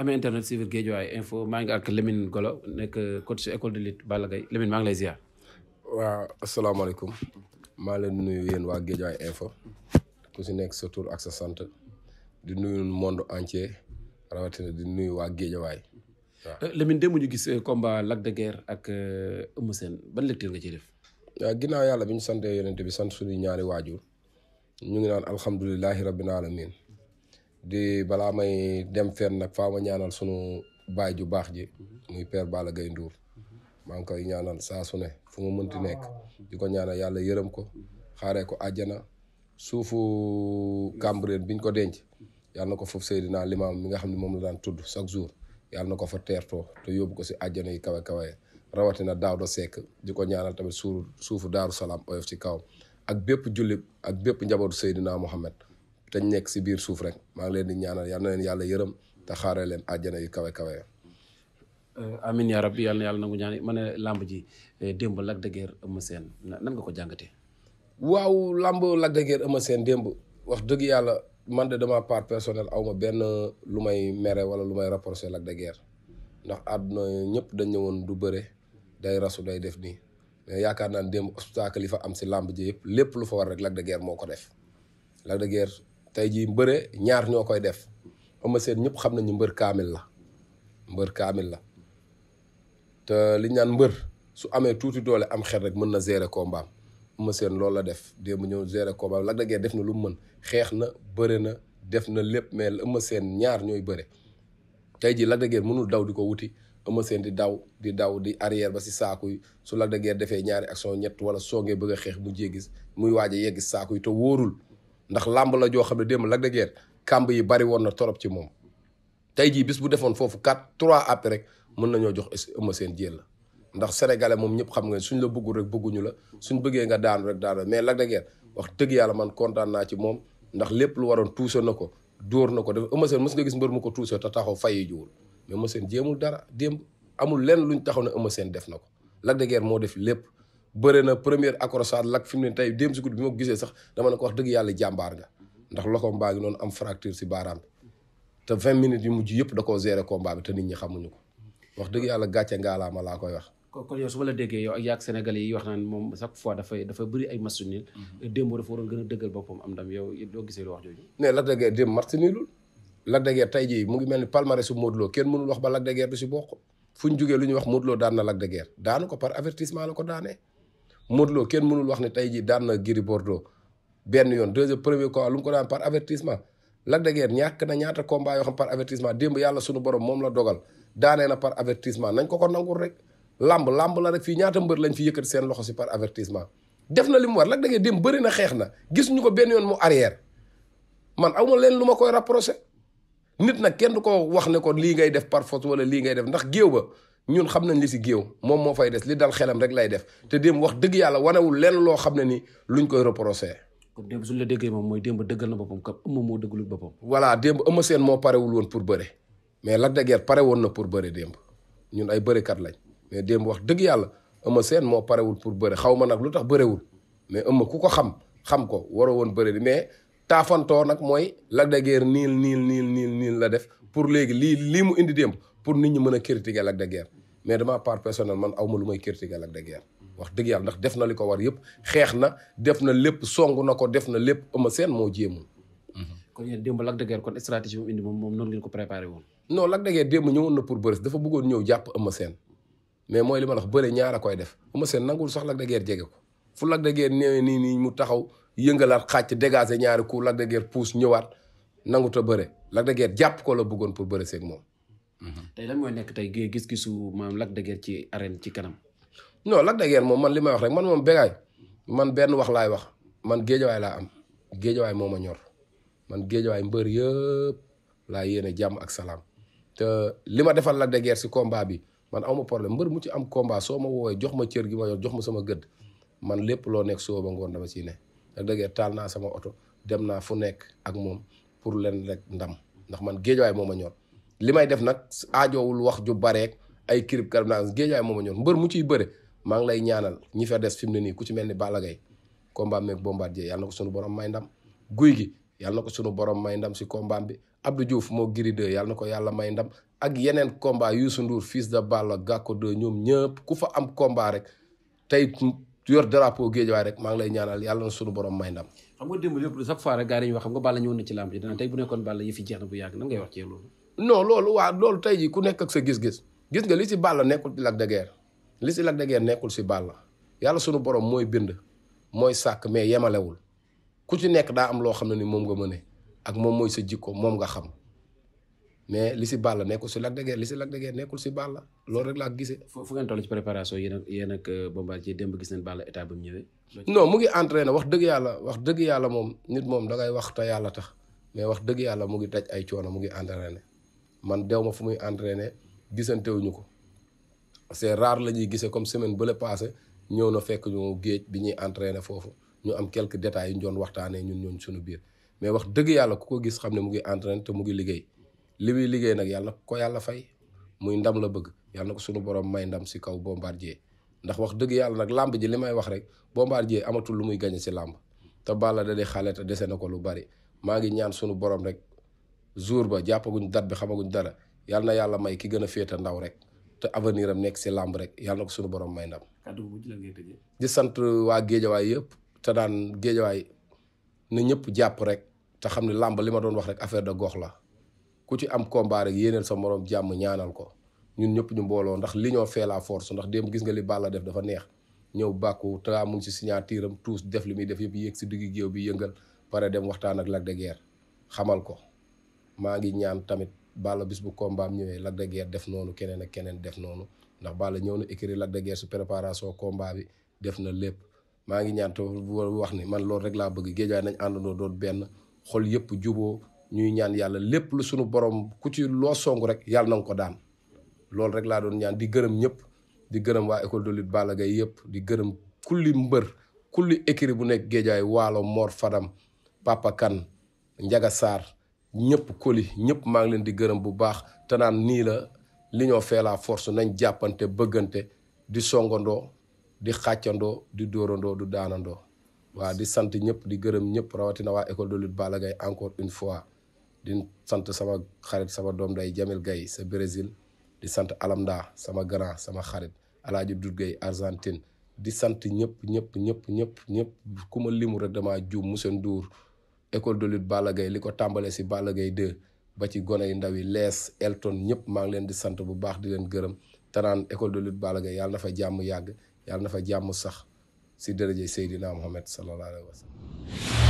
amee internet suivre Guédiawaye info maa ngi ak Lamine Golo nekk coach école de lutte Balla Gaye Lamine maa ngi lay ziar. waaw asalaamaaleykum maa leen nuyu yéen waa Guédiawaye info ku si nekk sa ak sa sant di nuyu monde entier rawatina di nuyu waa Guédiawaye waaw eh, Lamine démb ñu gis eh, combat Lac de Guiers ak eh, Eumeu Sène ban lecture nga ciy def. waaw ginnaaw yàlla bi ñu sant yonent sant suñu ñaari waaju ñu ngi naan alhamdulilahi rabbil alamin di balaa may dem fenn nag faa ñaanal sunu baay ju baax ji muy per Balla Gaye maa ngi koy ñaanal saa su ne fu mu mënti nekk di ko ñaanal yàlla yërëm ko xaaree ko àjjana suufu Cambérène biñ ko denc yàlla na ko foofu Seydina Limaam mi nga xam ne moom la daan tudd chaque jour yàlla na ko fa teertoo te yóbbu ko si àjjana yi kawe kawe rawatina Daawda Seck di ko ñaanal tamit suuru suufu Daaru Salaam oyof ci kaw ak bépp jullit ak bépp njabootu Seydina Mohamed te ñu nekk si biir suuf rek maa leen di ñaanal yal na yàlla yërëm te xaaral leen àjjana yu kawe kawe. Eh, amin yaa rabbi na yàlla nangu ñaan ma làmb ji eh, démb Lac de Guiers Eumeu Sène nan nga ko jàngatee. waaw làmb Lac de Guiers Eumeu démb wax dëgg yàlla man de dama part personnel aw ma benn lu may mere wala lu may rapproché Lac de ndax àdduna ñëpp dañ ñëwoon du bëre day rasu day def nii yaakaar naa ne démb obstacle am si làmb ji lépp lu fa war rek Lac de moo ko def Lac de tey jii mbëre ñaar ñoo koy def Eumeu Sène ñëpp xam nañu mbër kaamil la mbër kaamil la te li ñu naan mbër su amee tuuti doole am xel rek mën na gérer combat am Eumeu loolu la def démb ñëw gérer combat Lac de Guiers def na lu mën xeex na bëre na def na lépp mais Eumeu seen ñaar ñooy bëre tey jii Lac de mënul daw di ko wuti Eumeu seen di daw di daw di arrière ba si saaku yi su Lac de defee ñaari ak action ñett wala soogee bëgg a xeex mu jéegis muy waaj a yegg saaku yi te wóorul ndax làmb la joo xam ne démb Lac de Guiers kàmb yi bari woon na torop ci moom tey jii bis bu defoon foofu 4 trois app rek mën nañoo jox Eumeu Sène jël la ndax sénégalais moom ñëpp xam nga suñ la bëggul bëgguñu la suñ bëggee nga daanu rek daanu mais Lac de Guiers wax dëgg man kontaan naa ci moom ndax lépp lu waroon tuusa na ko dóor na ko dafa Eumeu Sène mës nga gis mbër mu ko tuusa ta taxaw fayi jiwul mais Eumeu Sène jéemul dara démb amul lenn ñu taxaw ne Eumeu Sène def na ko Lac de moo def lépp bëre na première accrochage lak fi mu ne tey démb si guddi gisee sax dama ne ko wax dëgg yàlla jàmbaar nga ndax loxoom baa ngi noonu am fracture si baaraam bi te vingt minutes yëpp da koo gérer combat bi te nit ñi xamuñu ko wax dëgg yàlla gàcce ngaalaama laa koy wax kon yow su ma la déggee yow ak yaag sénégalais yi wax moom chaque fois dafay dafa bëri ay match nul démb dafa waroon gën boppam am ndam yow doo gisee lu wax jooju ne Lac de Guiers démb match nulul Lac jii mu ngi mel ni palmarès su Modou Lo kenn mënul wax ba Lac de Guiers du si boq fu ñu jógee lu ñuy wax Modou daan na Lac de Guiers daanu ko par avertissement la ko daanee Modou kenn mënul wax ne tey jii daan na Gris Bordeaux benn yoon deuxième premier combat lu mu ko daan par avertissement Lac de ñàkk na ñaata combat yoo xam par avertissement démb yàlla sunu borom moom la dogal daanee na par avertissement nañ ko ko nangul rek làmb làmb la rek fii ñaata mbër lañ fi yëkkati seen loxo si par avertissement def na li mu war Lac de Guiers démb bëri na xeex na gis ñu ko benn yoon mu arrière man aw leen lu ma koy rapproché nit nag kenn ko wax ne ko lii ngay def par force wala lii ngay def ndax géew ba ñun xam nañ li si géew moom moo fay des li dal xelam rek lay def te démb wax dëgg yàlla wanewul lenn loo xam ne ni luñ koy reproché. kon démb suñu la déggee moom mooy démb dëggal na boppam kam ëmb moo dëggalul boppam. voilà démb Eumeu Sène moo parewul woon pour bëre mais la de pare woon na pour bëre démb ñun ay kat lañ mais démb wax dëgg yàlla ama seen moo parewul pour bëre xaw ma nag lu tax bërewul mais Eumeu ku ko xam xam ko waroo woon bëre mais taafantoo nag mooy Lac de Guiers niil niil niil niil la def pour léegi lii lii mu indi démb pour nit ñi mën a critiquer Lac de mais dama part personnel man awma lu may critiquer Lac de wax dëgg yàlla ndax def na li ko war yëpp xeex na def na lépp songu na ko def na lépp ëma seen moo jéemul mhm. kon yéen démb Lac de Guiers kon stratégie moom indi moom moom noonu ngeen ko préparé woon non Lac de Guiers démb ñëwoon na pour dafa bëggoon ñëw jàpp ëma mais mooy li ma wax bëre ñaar a koy def ëma seen nangul sax Lac de Guiers jege ko fu Lac de nii nii mu taxaw yëngalaat xàcc dégager ñaari coup Lac de Guiers puus ñëwaat nangu a bëre Lac de jàpp ko la bëggoon pour bëre seek moom. Mhm. tey leen mooy nekk tey gis-gisu maanaam Lac de Guiers ci arène ci kanam. non Lac de moom man li may wax rek man moom bégaay man benn wax laay wax man géejawaay laa am géejawaay moo ma ñor man géejawaay mbër yëpp laa yéene jàmm ak salaam te li ma defal Lac de Guiers si combat bi man aw ma problème mbër mu ci am combat soo ma woowee jox ma cër gi ma yor jox ma sama gëdd man lépp loo nekk soo ba ngoon dama ciy ne. Lac de taal naa sama oto dem naa fu nekk ak moom pour leen rek ndam ndax man géejawaay moom ma ñor li may def nag ajoowul wax ju bareek ay kirib karib naa géejawaay moom ma ñor mbër mu ciy bëre maa ngi lay ñaanal ñi fa des fi mu ne nii ku ci mel ni Balla Gaye combat meeg Bombardier na ko sunu borom may ndam guy gi yàlla na ko sunu borom may ndam si combat bi Abdou Diouf moo Gris 2 yàlla na ko yàlla may ndam ak yeneen combat Youssou Ndour fiis da Balla Gacko 2 ñoom ñëpp ku fa am combat rek tey ku yor drapeau Guédiawaye rek maa ngi lay ñaanal yàlla na suñu borom may ndam xam nga démb lépp chaque fois rek gars yi dañuy wax xam nga Balla ñëwoon na ci làmb ji dana tey bu nekkoon Balla yëfi jeex na bu yàgg nan ngay wax ci loolu non loolu waa loolu tey ji ku nekk ak sa gis-gis gis nga li si Balla nekkul ci Lac li si Lac de Guiers nekkul si Balla yàlla suñu borom mooy bind mooy sàkk mais yemalewul ku ci nekk daa am loo xam ne ni moom nga mëne ak moom mooy sa jikko moom nga xam mais li si Balla nekkul si Lac de li si Lac de Guiers nekkul si Balla loolu rek laa gisee. fu ngeen toll ci préparation yéen ak yéen ak euh, Bombardier démb gis nañ Balla état ba mu ñëwee. non mu ngi entraîné wax dëgg yàlla wax dëgg yàlla moom nit moom dangay wax te yàlla tax mais wax dëgg yàlla mu ngi daj ay coono mu ngi entraîné man dew ma fu muy entraîné gisantewuñu ko c'est rare la ñuy gisee comme semaine bële passé ñëw na fekk ñu géej bi foofu ñu am quelques détails yu ñu doon waxtaanee ñun ñooñ suñu biir mais wax dëgg yàlla ku ko gis xam ne mu ngi entraîné te mu ngi liggéey li muy liggéey nag yàlla ko yàlla fay muy ndam la bëgg yàlla na ko suñu borom may ndam si kaw bombardier ndax wax dëgg yàlla nag làmb ji li may wax rek bombardier amatul lu muy gañe si làmb te Balla da di xale te dese na ko lu bari maa ngi ñaan suñu borom rek jour ba jàppaguñ dat bi xamaguñ dara yàlla na yàlla may ki gën a féete ndaw rek te avenir am nekk si làmb rek yàlla ko suñu borom may ndam. kàddu bu di sant waa géejawaay yëpp te daan géejawaay na ñëpp jàpp rek te xam ne làmb li ma doon wax rek affaire de gox la. ku ci am combat rek yéeneel sa moroom jàmm ñaanal ko ñun ñëpp ñu mbooloo ndax li ñoo fee la force ndax démb gis nga li Balla def dafa neex ñëw bàkku te mu ngi si signature am tous def li muy def yëpp yéeg si digg géew bi yëngal pare dem waxtaan ak Lac de Guiers xamal ko maa ngi ñaan tamit Balla bis bu kombaam ñëwee Lac de def noonu keneen ak keneen def noonu ndax Balla ñëw na écrire Lac de su préparation kombaa bi def na lépp maa ngi ñaan te wax ni man loolu rek laa bëgg géejaay nañ àndandoo doon benn xol yëpp juboo ñuy ñaan yàlla lépp lu sunu borom ku ci loo song rek yàlla na nga ko daan loolu rek laa doon ñaan di gërëm ñëpp di gërëm waa école de lutte Balla Gaye yëpp di gërëm kulli mbër kulli écurie bu nekk géejaay waalo Mor Fadam Papa Kan Njaga Saar ñëpp koli ñëpp maa ngi leen di gërëm bu baax te naan nii la li ñoo fee force nañ jàppante bëggante di songandoo di xàccandoo di dóorandoo du daanandoo waa di sant ñëpp di gërëm ñëpp rawatina waa école de lutte encore une fois di sant sama xarit sama doom day Jamil Gaye sa Brésil di sant Alamda sama grand sama xarit Alaaji Dut Gaye Argentine di sant ñëpp ñëpp ñëpp ñëpp ñëpp ku ma limu rek damaa mu Moussa duur école de lutte Balla gay li ko tàmbalee si Balla gay 2 ba ci gone yu ndaw yi lees Elton ñëpp maa ngi leen di sant bu baax di leen gërëm tanaan école de lutte Balla Gaye yàlla na fa jàmm yàgg yàlla na fa jàmm sax si dërëje Seydina Mohamed sallallahu alayhi wa